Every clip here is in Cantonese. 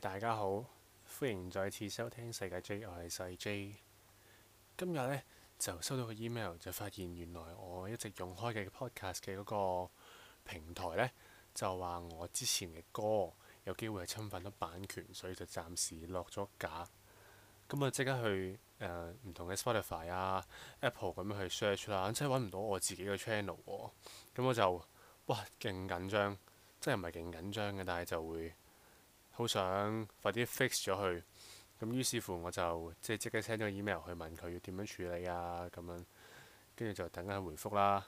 大家好，歡迎再次收聽世界 J，我係細 J。今日呢，就收到個 email，就發現原來我一直用開嘅 podcast 嘅嗰個平台呢，就話我之前嘅歌有機會係侵犯咗版權，所以就暫時落咗架。咁、嗯、啊！即刻去誒唔、呃、同嘅 Spotify 啊、Apple 咁樣去 search 啦，即係揾唔到我自己嘅 channel 喎。咁、嗯、我就哇勁緊張，真係唔係勁緊張嘅，但係就會～好想快啲 fix 咗佢，咁於是乎我就即係即刻 send 咗 email 去問佢要點樣處理啊，咁樣，跟住就等佢回覆啦。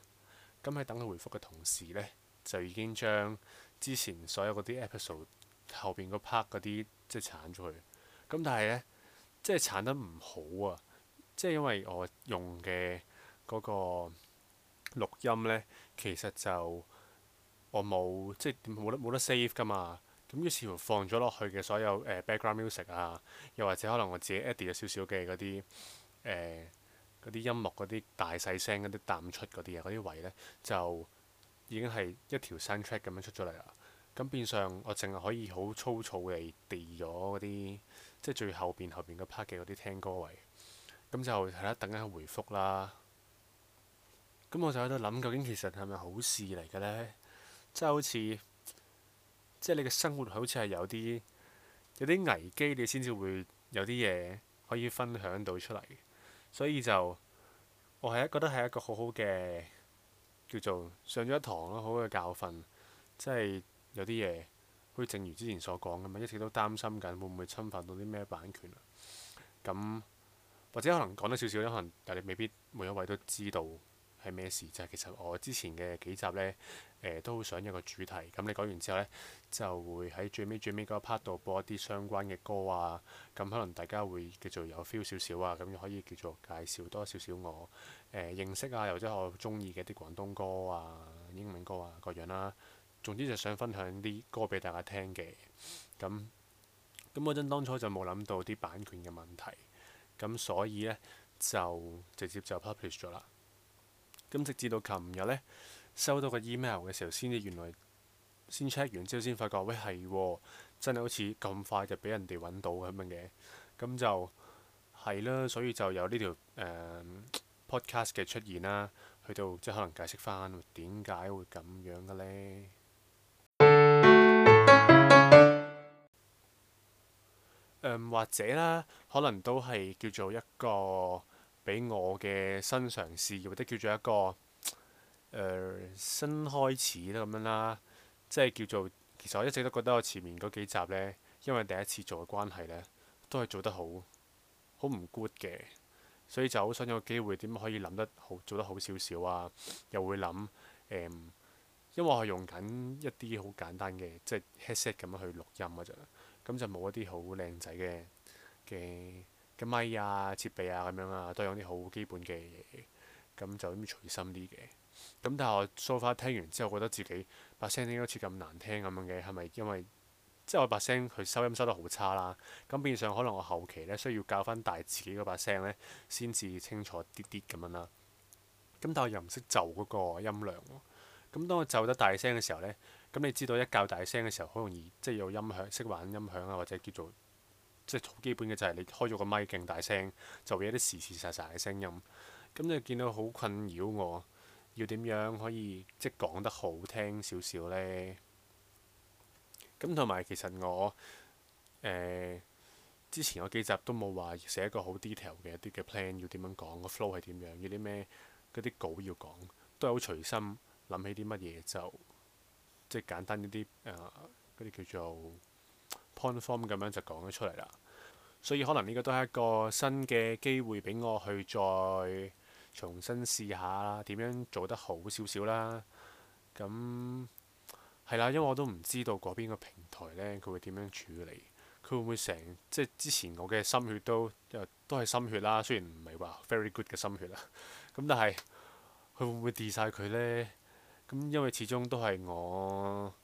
咁、嗯、喺等佢回覆嘅同時呢，就已經將之前所有嗰啲 episode 後邊嗰 part 嗰啲即係鏟咗佢。咁、嗯、但係呢，即係鏟得唔好啊！即係因為我用嘅嗰個錄音呢，其實就我冇即係冇得冇得 save 噶嘛。咁於是乎放咗落去嘅所有誒 background music 啊，又或者可能我自己 edit 咗少少嘅嗰啲誒嗰啲音樂嗰啲大細聲嗰啲淡出嗰啲嘢，嗰啲位呢，就已經係一條 soundtrack 咁樣出咗嚟啦。咁變相我淨係可以好粗糙地 delete 咗嗰啲，即係最後邊後邊嗰 part 嘅嗰啲聽歌位。咁就係啦、啊，等緊回覆啦。咁我就喺度諗，究竟其實係咪好事嚟嘅呢？即係好似。即係你嘅生活好似係有啲有啲危機，你先至會有啲嘢可以分享到出嚟。所以就我係一覺得係一個好好嘅叫做上咗一堂咯，好好嘅教訓。即係有啲嘢，好似正如之前所講咁啊，一直都擔心緊會唔會侵犯到啲咩版權啊。咁或者可能講得少少，可能但係你未必每一位都知道。係咩事？就係、是、其實我之前嘅幾集呢，誒、呃、都好想有個主題。咁你講完之後呢，就會喺最尾最尾嗰一 part 度播一啲相關嘅歌啊。咁可能大家會叫做有 feel 少少啊。咁又可以叫做介紹多少少我誒、呃、認識啊，又或者我中意嘅啲廣東歌啊、英文歌啊各樣啦、啊。總之就想分享啲歌俾大家聽嘅，咁。咁嗰陣當初就冇諗到啲版權嘅問題，咁所以呢，就直接就 publish 咗啦。咁直至到琴日呢，收到個 email 嘅時候，先至原來先 check 完之後，先發覺喂係喎，真係好似咁快就俾人哋揾到咁樣嘅，咁就係啦，所以就有呢條誒、嗯、podcast 嘅出現啦，去到即係可能解釋翻點解會咁樣嘅呢？嗯，或者咧，可能都係叫做一個。俾我嘅新嘗試，或者叫做一個誒、呃、新開始啦，咁樣啦，即係叫做其實我一直都覺得我前面嗰幾集呢，因為第一次做嘅關係呢，都係做得好，好唔 good 嘅，所以就好想有個機會點可以諗得好，做得好少少啊，又會諗誒、嗯，因為我係用緊一啲好簡單嘅，即係 headset 咁樣去錄音嘅啫，咁就冇一啲好靚仔嘅嘅。嘅咪啊，設備啊，咁樣啊，都有啲好基本嘅嘢，咁就咁隨心啲嘅。咁但係我 sofa 聽完之後，覺得自己把聲點解好似咁難聽咁樣嘅，係咪因為即係我把聲佢收音收得好差啦？咁變相可能我後期咧需要校翻大自己嗰把聲咧，先至清楚啲啲咁樣啦。咁但係我又唔識就嗰個音量喎。咁當我就得大聲嘅時候咧，咁你知道一較大聲嘅時候，好容易即係有音響，識玩音響啊，或者叫做～即係好基本嘅就係你開咗個咪勁大聲，就會有啲時時實實嘅聲音。咁你見到好困擾我，要點樣可以即係講得好聽少少呢？咁同埋其實我，誒、呃，之前我幾集都冇話寫一個好 detail 嘅一啲嘅 plan，要點樣講個 flow 係點樣，要啲咩，嗰啲稿要講，都係好隨心，諗起啲乜嘢就，即係簡單一啲誒，嗰、呃、啲叫做。point form 咁樣就講咗出嚟啦，所以可能呢個都係一個新嘅機會，俾我去再重新試下點樣做得好少少啦。咁係啦，因為我都唔知道嗰邊個平台呢，佢會點樣處理？佢會唔會成即係之前我嘅心血都都係心血啦。雖然唔係話 very good 嘅心血啦，咁但係佢會唔會跌晒佢呢？咁因為始終都係我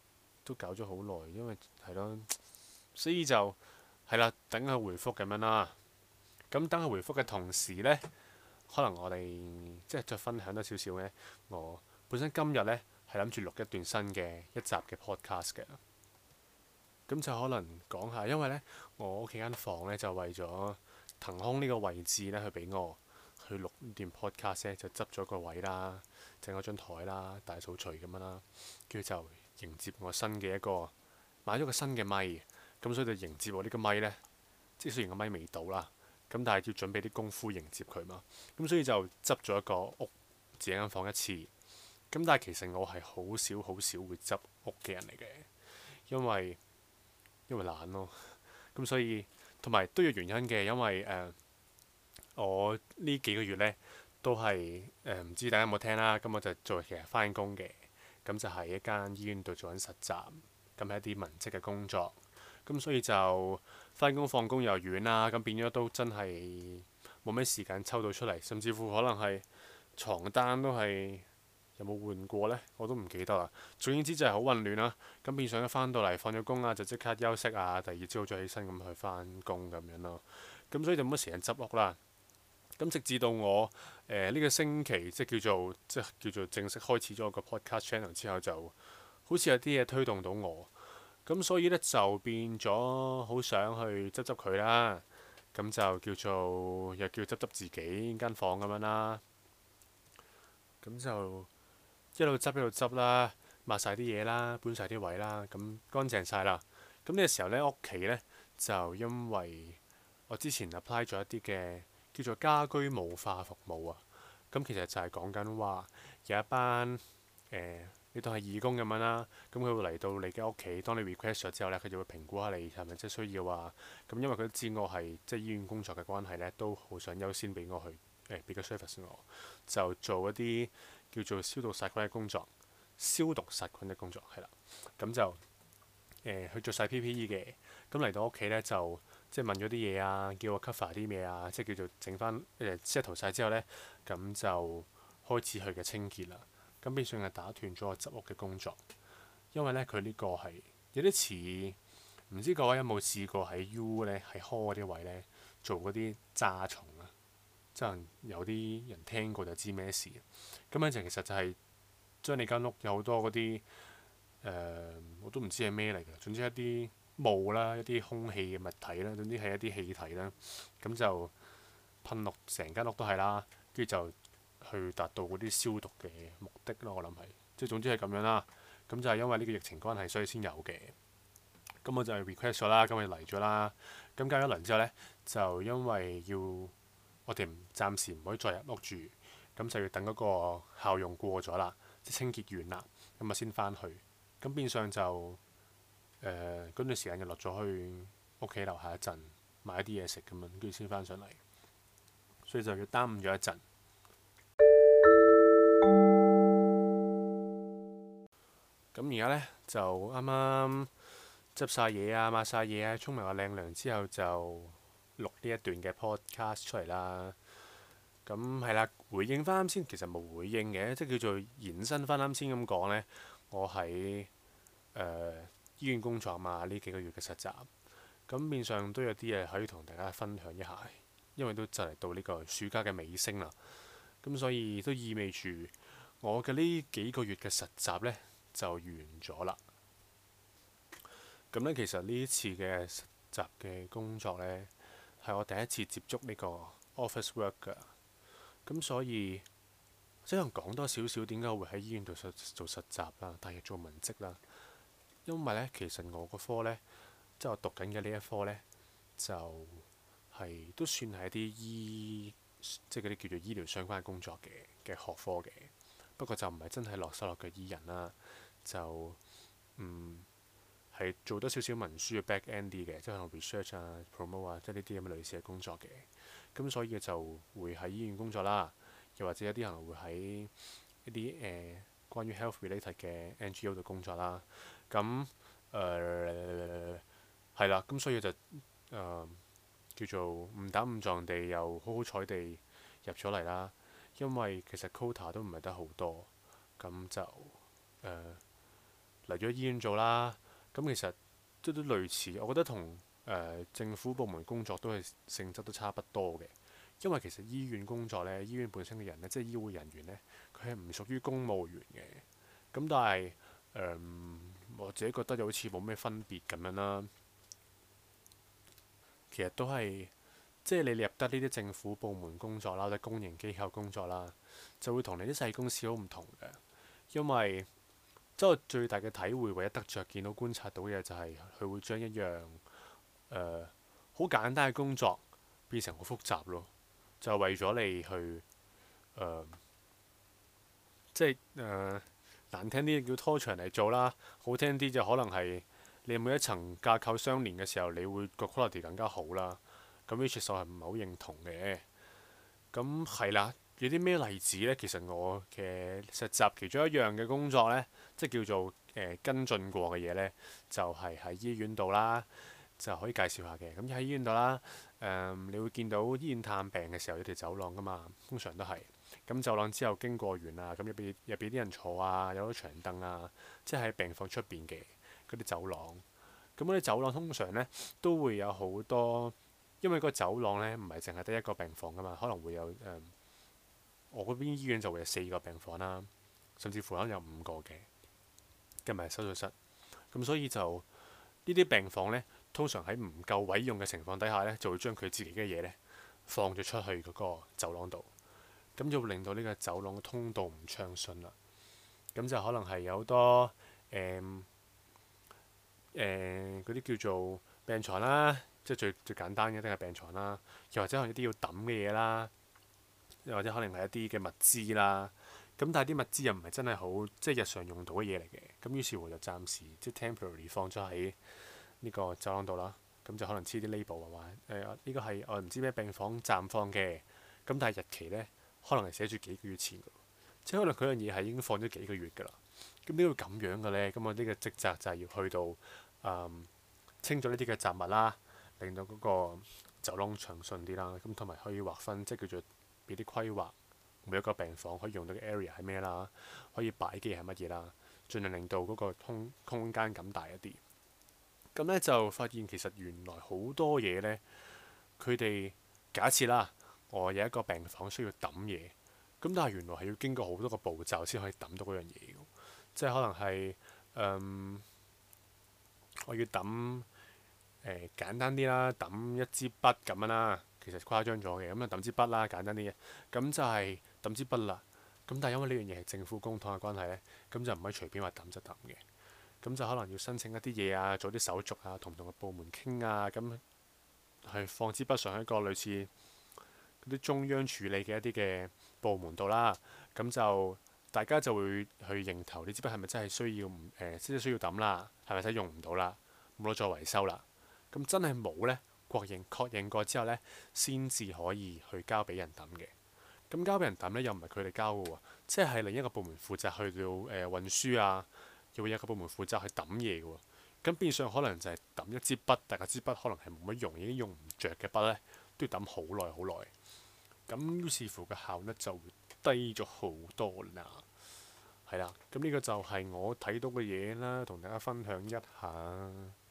都搞咗好耐，因為係咯。所以就係啦，等佢回覆咁樣啦。咁等佢回覆嘅同時呢，可能我哋即係再分享多少少呢，我本身今日呢，係諗住錄一段新嘅一集嘅 podcast 嘅。咁就可能講下，因為呢，我屋企間房呢，就為咗騰空呢個位置呢，去俾我去錄段 podcast，就執咗個位啦，整咗張台啦，大掃除咁樣啦，跟住就迎接我新嘅一個買咗個新嘅咪。咁所以就迎接我呢個咪呢，即雖然個咪未到啦，咁但係要準備啲功夫迎接佢嘛。咁所以就執咗一個屋，自己間房一次。咁但係其實我係好少好少會執屋嘅人嚟嘅，因為因為懶咯。咁所以同埋都有原因嘅，因為誒、呃，我呢幾個月呢，都係誒唔知大家有冇聽啦。咁我就做其實翻工嘅，咁就喺一間醫院度做緊實習，咁喺一啲文職嘅工作。咁所以就翻工放工又遠啦，咁變咗都真係冇咩時間抽到出嚟，甚至乎可能係床單都係有冇換過呢？我都唔記得啦。總言之，就係好混亂啦。咁變相一翻到嚟放咗工啊，就即刻休息啊，第二朝早起身咁去翻工咁樣咯。咁所以就冇乜時間執屋啦。咁直至到我誒呢個星期，即係叫做即係叫做正式開始咗個 podcast channel 之後，就好似有啲嘢推動到我。咁所以咧就變咗好想去執執佢啦，咁就叫做又叫執執自己間房咁樣啦。咁就一路執一路執啦，抹晒啲嘢啦，搬晒啲位啦，咁乾淨晒啦。咁呢個時候咧，屋企咧就因為我之前 apply 咗一啲嘅叫做家居無化服務啊。咁其實就係講緊話有一班誒。呃你當係義工咁樣啦，咁佢會嚟到你嘅屋企，當你 request 咗之後咧，佢就會評估下你係咪真係需要啊。咁因為佢都知我係即係醫院工作嘅關係咧，都好想優先俾我去誒俾個 service 我，就做一啲叫做消毒殺菌嘅工作、消毒殺菌嘅工作，係啦，咁就誒、欸、去做晒 P.P.E. 嘅，咁嚟到屋企咧就即係問咗啲嘢啊，叫我 cover 啲咩啊，即係叫做整翻誒 settle 晒之後咧，咁就開始佢嘅清潔啦。咁微信又打斷咗我執屋嘅工作，因為呢，佢呢個係有啲似，唔知各位有冇試過喺 U 呢，喺 hall 嗰啲位呢做嗰啲炸蟲啊，即係有啲人聽過就知咩事，咁樣就其實就係將你間屋有好多嗰啲誒，我都唔知係咩嚟嘅，總之一啲霧啦，一啲空氣嘅物體啦，總之係一啲氣體啦，咁就噴落成間屋都係啦，跟住就，去達到嗰啲消毒嘅目的咯，我諗係即係總之係咁樣啦。咁就係因為呢個疫情關係，所以先有嘅。咁我就 request 咗啦，咁咪嚟咗啦。咁隔咗一輪之後呢，就因為要我哋暫時唔可以再入屋住，咁就要等嗰個效用過咗啦，即清潔完啦，咁咪先翻去。咁變相就誒嗰、呃、段時間就落咗去屋企樓下一陣，買一啲嘢食咁樣，跟住先翻上嚟。所以就要耽誤咗一陣。咁而家呢，就啱啱執晒嘢啊、抹晒嘢啊、沖埋個靚涼之後，就錄呢一段嘅 podcast 出嚟啦。咁、嗯、係啦，回應翻啱先，其實冇回應嘅，即係叫做延伸翻啱先咁講呢，我喺誒、呃、醫院工作啊嘛，呢幾個月嘅實習。咁面上都有啲嘢可以同大家分享一下，因為都就嚟到呢個暑假嘅尾聲啦。咁所以都意味住我嘅呢幾個月嘅實習呢。就完咗啦。咁咧，其實呢次嘅實習嘅工作呢，係我第一次接觸呢個 office work 㗎。咁所以，即係講多少少，點解會喺醫院度實做實習啦，但係做文職啦。因為呢，其實我個科呢，即係我讀緊嘅呢一科呢，就係都算係啲醫，即係嗰啲叫做醫療相關嘅工作嘅嘅學科嘅。不過就唔係真係落手落腳醫人啦。就嗯係做多少少文書嘅 back end 嘅，即係可能 research 啊、promote 啊，即係呢啲咁嘅類似嘅工作嘅。咁所以就會喺醫院工作啦，又或者一啲可能會喺一啲誒關於 health related 嘅 NGO 度工作啦。咁誒係啦，咁所以就、呃、叫做誤打誤撞地又好好彩地入咗嚟啦。因為其實 quota 都唔係得好多，咁就誒。呃嚟咗醫院做啦，咁其實都都類似，我覺得同誒、呃、政府部門工作都係性質都差不多嘅。因為其實醫院工作呢，醫院本身嘅人呢，即係醫護人員呢，佢係唔屬於公務員嘅。咁但係誒、呃，我自己覺得又好似冇咩分別咁樣啦。其實都係，即係你入得呢啲政府部門工作啦，或者公營機構工作啦，就會同你啲細公司好唔同嘅，因為。即係我最大嘅體會，唯一得着見到觀察到嘅就係、是、佢會將一樣誒好、呃、簡單嘅工作變成好複雜咯，就係為咗你去誒、呃，即係誒、呃、難聽啲叫拖長嚟做啦，好聽啲就可能係你每一層架構相連嘅時候，你會個 quality 更加好啦。咁 Richard 係唔係好認同嘅？咁係啦。有啲咩例子呢？其實我嘅實習其中一樣嘅工作呢，即係叫做誒、呃、跟進過嘅嘢呢，就係、是、喺醫院度啦，就可以介紹下嘅。咁喺醫院度啦，誒、嗯，你會見到醫院探病嘅時候有條走廊噶嘛，通常都係。咁走廊之後經過完啊，咁入邊入邊啲人坐啊，有咗長凳啊，即係喺病房出邊嘅嗰啲走廊。咁嗰啲走廊通常呢，都會有好多，因為個走廊呢，唔係淨係得一個病房噶嘛，可能會有誒。嗯我嗰邊醫院就會有四個病房啦，甚至乎可能有五個嘅，加埋手術室。咁所以就呢啲病房呢，通常喺唔夠位用嘅情況底下呢，就會將佢自己嘅嘢呢，放咗出去嗰個走廊度。咁就會令到呢個走廊嘅通道唔暢順啦。咁就可能係有好多誒誒嗰啲叫做病床啦，即係最最簡單嘅，一定係病床啦，又或者係一啲要抌嘅嘢啦。又或者可能係一啲嘅物資啦，咁但係啲物資又唔係真係好即係、就是、日常用到嘅嘢嚟嘅，咁於是我就暫時即係、就是、temporary 放咗喺呢個走廊度啦，咁就可能黐啲 label 嘛。誒、呃、呢、這個係我唔知咩病房暫放嘅，咁但係日期咧可能係寫住幾個月前，即係可能佢樣嘢係已經放咗幾個月㗎啦。咁點會咁樣嘅咧？咁我呢個職責就係要去到、嗯、清咗呢啲嘅雜物啦，令到嗰個走廊暢順啲啦，咁同埋可以劃分即係叫做。俾啲規劃，每一個病房可以用到嘅 area 係咩啦？可以擺嘅係乜嘢啦？盡量令到嗰個空空間感大一啲。咁呢就發現其實原來好多嘢呢，佢哋假設啦，我有一個病房需要揼嘢，咁但係原來係要經過好多個步驟先可以揼到嗰樣嘢嘅，即係可能係誒、嗯。我要揼誒、呃、簡單啲啦，揼一支筆咁樣啦。其實誇張咗嘅咁就抌支筆啦，簡單啲嘅咁就係抌支筆啦。咁但係因為呢樣嘢係政府公帑嘅關係呢，咁就唔可以隨便話抌就抌嘅。咁就可能要申請一啲嘢啊，做啲手續啊，同唔同嘅部門傾啊，咁係放支筆上一個類似啲中央處理嘅一啲嘅部門度啦。咁就大家就會去認頭，你支筆係咪真係需要唔誒？呃、即係需要抌啦，係咪使用唔到啦？冇得再維修啦。咁真係冇呢。確認確認過之後呢，先至可以去交俾人抌嘅。咁交俾人抌呢，又唔係佢哋交嘅喎，即係另一個部門負責去到誒、呃、運輸啊，又有一個部門負責去抌嘢嘅喎。咁變相可能就係抌一支筆，但係支筆可能係冇乜用，已經用唔着嘅筆呢，都要抌好耐好耐。咁於是乎個效率就會低咗好多啦。係啦，咁呢個就係我睇到嘅嘢啦，同大家分享一下。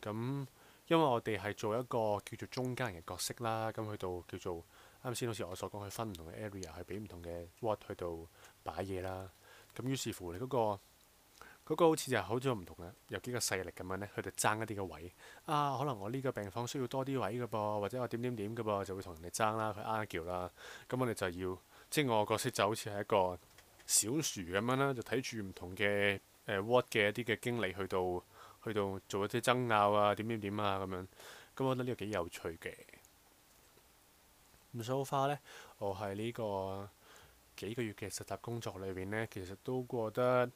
咁，因為我哋係做一個叫做中間人嘅角色啦，咁去到叫做啱先，好似我所講，去分唔同嘅 area 去俾唔同嘅 ward 去到擺嘢啦。咁於是乎，你嗰個，嗰個好似就好似唔同嘅有幾個勢力咁樣咧，佢哋爭一啲嘅位啊。可能我呢個病房需要多啲位嘅噃，或者我點點點嘅噃，就會同人哋爭啦，去 argue 啦。咁我哋就要，即係我嘅角色就好似係一個。小樹咁樣啦，就睇住唔同嘅誒 what 嘅一啲嘅經歷，去到去到做一啲爭拗啊，點點點啊咁樣。咁我覺得呢個幾有趣嘅。咁 so far 咧，我喺呢個幾個月嘅實習工作裏邊呢，其實都過得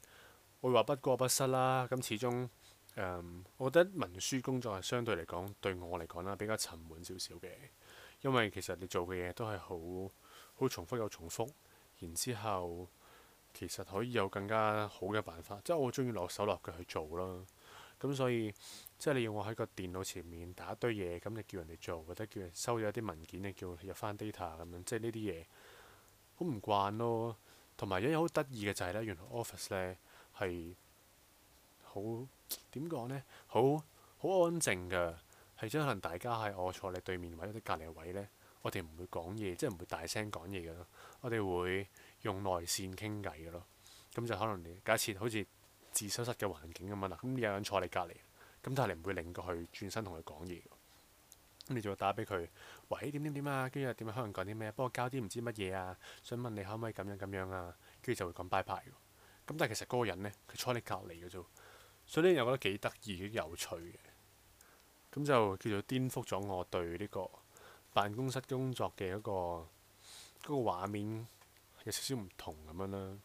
我會話不過不失啦。咁始終誒、嗯，我覺得文書工作係相對嚟講對我嚟講啦，比較沉悶少少嘅，因為其實你做嘅嘢都係好好重複又重複，然之後。其實可以有更加好嘅辦法，即係我中意落手落腳去做囉。咁所以即係你要我喺個電腦前面打一堆嘢，咁你叫人哋做，或者叫人收咗一啲文件你叫入翻 data 咁樣，即係呢啲嘢好唔慣咯。同埋一樣好得意嘅就係呢，原來 office 呢係好點講呢？好好安靜㗎。係即可能大家係我坐你對面或者隔離位呢，我哋唔會講嘢，即係唔會大聲講嘢㗎。我哋會。用內線傾偈嘅咯，咁就可能你假設好似自修室嘅環境咁樣啦，咁有人坐你隔離，咁但係你唔會令到佢轉身同佢講嘢。咁你就要打俾佢，喂，點點點啊？跟住點可能講啲咩？幫我交啲唔知乜嘢啊！想問你可唔可以咁樣咁樣啊？跟住就會講拜拜喎。咁但係其實嗰個人咧，佢坐你隔離嘅啫，所以呢又我覺得幾得意幾有趣嘅。咁就叫做顛覆咗我對呢個辦公室工作嘅一、嗰個嗰、嗰個畫面。有少少唔同咁樣啦。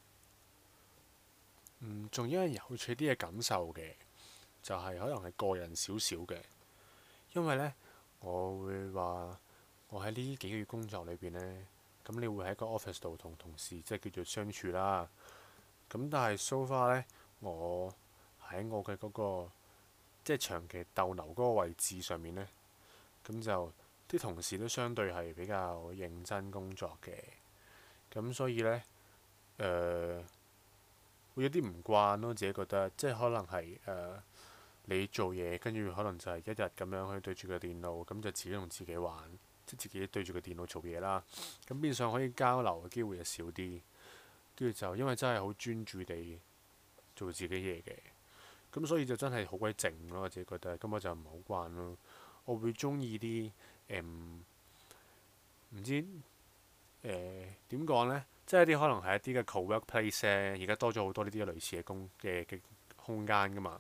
仲、嗯、有個有趣啲嘅感受嘅，就係、是、可能係個人少少嘅，因為呢，我會話我喺呢幾個月工作裏邊呢，咁你會喺個 office 度同同事即係、就是、叫做相處啦。咁但係 so far 呢，我喺我嘅嗰、那個，即、就、係、是、長期逗留嗰個位置上面呢，咁就啲同事都相對係比較認真工作嘅。咁、嗯、所以呢，誒、呃，會有啲唔慣咯。自己覺得即係可能係誒、呃，你做嘢跟住可能就係一日咁樣去對住個電腦，咁、嗯、就自己同自己玩，即係自己對住個電腦做嘢啦。咁、嗯、變相可以交流嘅機會又少啲，跟住就因為真係好專注地做自己嘢嘅，咁、嗯、所以就真係好鬼靜咯。我自己覺得咁、嗯嗯、我就唔好慣咯。我會中意啲誒唔知。誒點講呢？即係啲可能係一啲嘅 cowork place 而、呃、家多咗好多呢啲嘅類似嘅工嘅嘅空間噶嘛。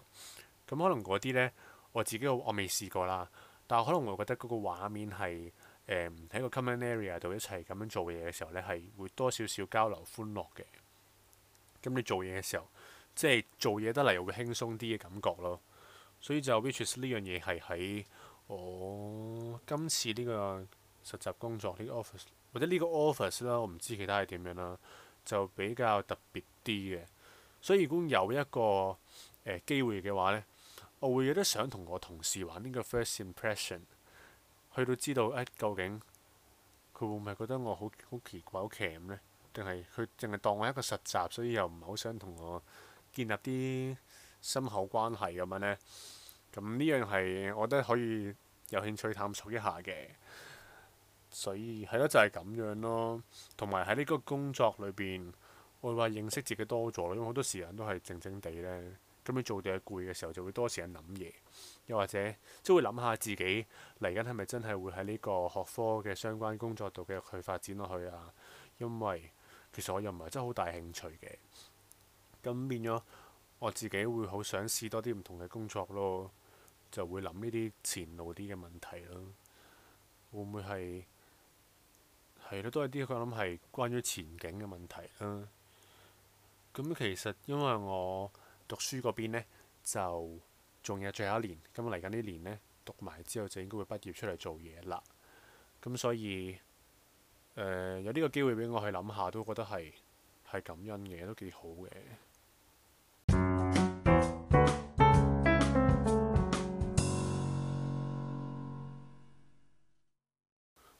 咁、嗯、可能嗰啲呢，我自己我，我未試過啦。但係可能我覺得嗰個畫面係誒喺個 common area 度一齊咁樣做嘢嘅時候呢，係會多少少交流歡樂嘅。咁你做嘢嘅時候，即係做嘢得嚟又會輕鬆啲嘅感覺咯。所以就 which is 呢樣嘢係喺我今次呢個實習工作呢個 office。或者呢個 office 啦，我唔知其他係點樣啦，就比較特別啲嘅。所以如果有一個誒、呃、機會嘅話咧，我會有啲想同我同事玩呢個 first impression，去到知道誒究竟佢會唔會覺得我好好奇怪好奇咁咧，定係佢淨係當我一個實習，所以又唔係好想同我建立啲深厚關係咁樣咧。咁呢樣係我覺得可以有興趣探索一下嘅。所以係咯，就係咁樣咯。同埋喺呢個工作裏邊我會話認識自己多咗，因為好多時間都係靜靜地呢。咁你做嘢攰嘅時候，就會多時間諗嘢，又或者即會諗下自己嚟緊係咪真係會喺呢個學科嘅相關工作度嘅去發展落去啊？因為其實我又唔係真係好大興趣嘅，咁變咗我自己會好想試多啲唔同嘅工作咯，就會諗呢啲前路啲嘅問題咯，會唔會係？係咯，都係啲佢諗係關於前景嘅問題啦。咁、嗯、其實因為我讀書嗰邊咧，就仲有最後一年，咁嚟緊呢年呢，讀埋之後就應該會畢業出嚟做嘢啦。咁所以，誒、呃、有呢個機會俾我去諗下，都覺得係係感恩嘅，都幾好嘅。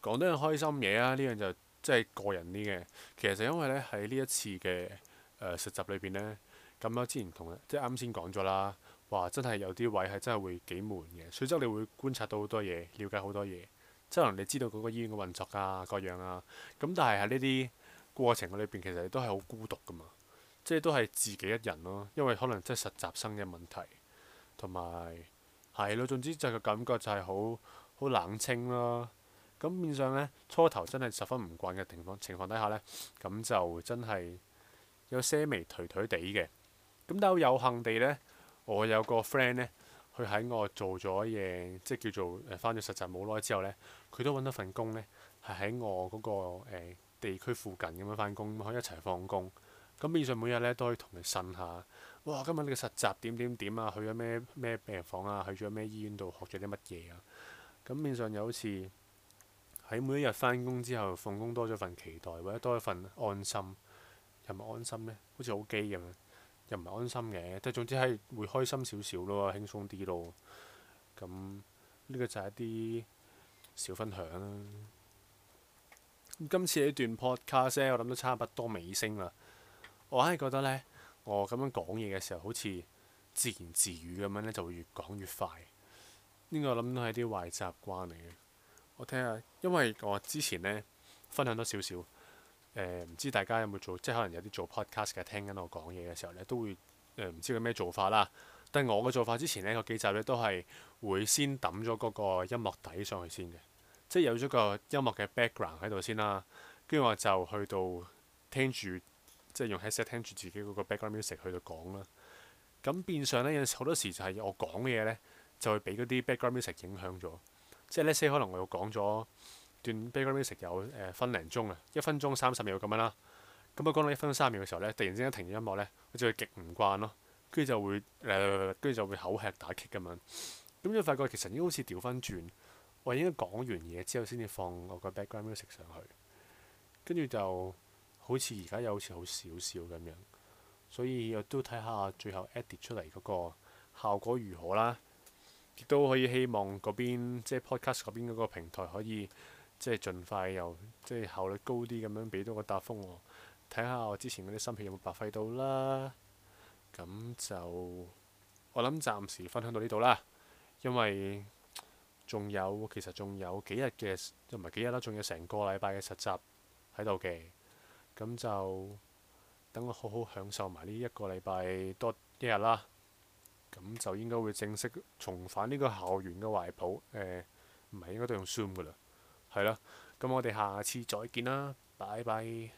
講多樣開心嘢啊！呢樣就即係個人啲嘅，其實就因為呢喺呢一次嘅誒、呃、實習裏邊呢，咁我之前同即係啱先講咗啦，話真係有啲位係真係會幾悶嘅，所雖則你會觀察到好多嘢，了解好多嘢，即係可能你知道嗰個醫院嘅運作啊、各樣啊，咁但係喺呢啲過程嘅裏邊，其實都係好孤獨噶嘛，即係都係自己一人咯、啊，因為可能即係實習生嘅問題，同埋係咯，總之就個感覺就係好好冷清咯、啊。咁面上咧，初頭真係十分唔慣嘅情況情況底下咧，咁就真係有些微頹頹地嘅。咁但係有幸地咧，我有個 friend 咧，佢喺我做咗嘢，即係叫做誒翻咗實習冇耐之後咧，佢都揾到份工咧，喺我嗰個、呃、地區附近咁樣翻工，可以一齊放工。咁面上每日咧都可以同佢呻下，哇！今日你嘅實習點點點啊，去咗咩咩病房啊，去咗咩醫院度學咗啲乜嘢啊？咁面上又好似……喺每一日翻工之後，放工多咗份期待，或者多一份安心，又唔安心咧，好似好機咁樣，又唔係安心嘅，但係總之係會開心少少咯，輕鬆啲咯。咁呢個就係一啲小分享啦。今次呢段 podcast 我諗都差唔多尾聲啦。我硬係覺得呢，我咁樣講嘢嘅時候，好似自言自語咁樣呢，就會越講越快。呢個我諗都係啲壞習慣嚟嘅。我聽下，因為我之前咧分享多少少誒，唔、呃、知大家有冇做，即係可能有啲做 podcast 嘅聽緊我講嘢嘅時候咧，都會誒唔、呃、知佢咩做法啦。但係我嘅做法之前咧，個幾集咧都係會先揼咗嗰個音樂底上去先嘅，即係有咗個音樂嘅 background 喺度先啦。跟住我就去到聽住，即係用 headset 聽住自己嗰個 background music 去度講啦。咁變相咧，有時好多時就係我講嘅嘢咧，就會俾嗰啲 background music 影響咗。即係呢先可能我講咗段 background music 有誒、呃、分零鐘啊，一分鐘三十秒咁樣啦。咁啊講到一分三十秒嘅時候咧，突然之間停咗音樂咧，佢就，就會極唔慣咯，跟住就會誒，跟住就會口吃打結咁樣。咁就發覺其實應該好似調翻轉，我應該講完嘢之後先至放我個 background music 上去。跟住就，好似而家又好似好少少咁樣。所以我都睇下最後 edit 出嚟嗰個效果如何啦～亦都可以希望嗰邊，即係 Podcast 嗰邊嗰個平台可以，即係盡快又即係效率高啲咁樣俾到個答覆我，睇下我之前嗰啲心血有冇白費到啦。咁就，我諗暫時分享到呢度啦。因為仲有其實仲有幾日嘅，又唔係幾日啦，仲有成個禮拜嘅實習喺度嘅。咁就，等我好好享受埋呢一個禮拜多一日啦。咁就應該會正式重返呢個校園嘅懷抱，誒、呃，唔係應該都用 Zoom 㗎啦，係啦，咁我哋下次再見啦，拜拜。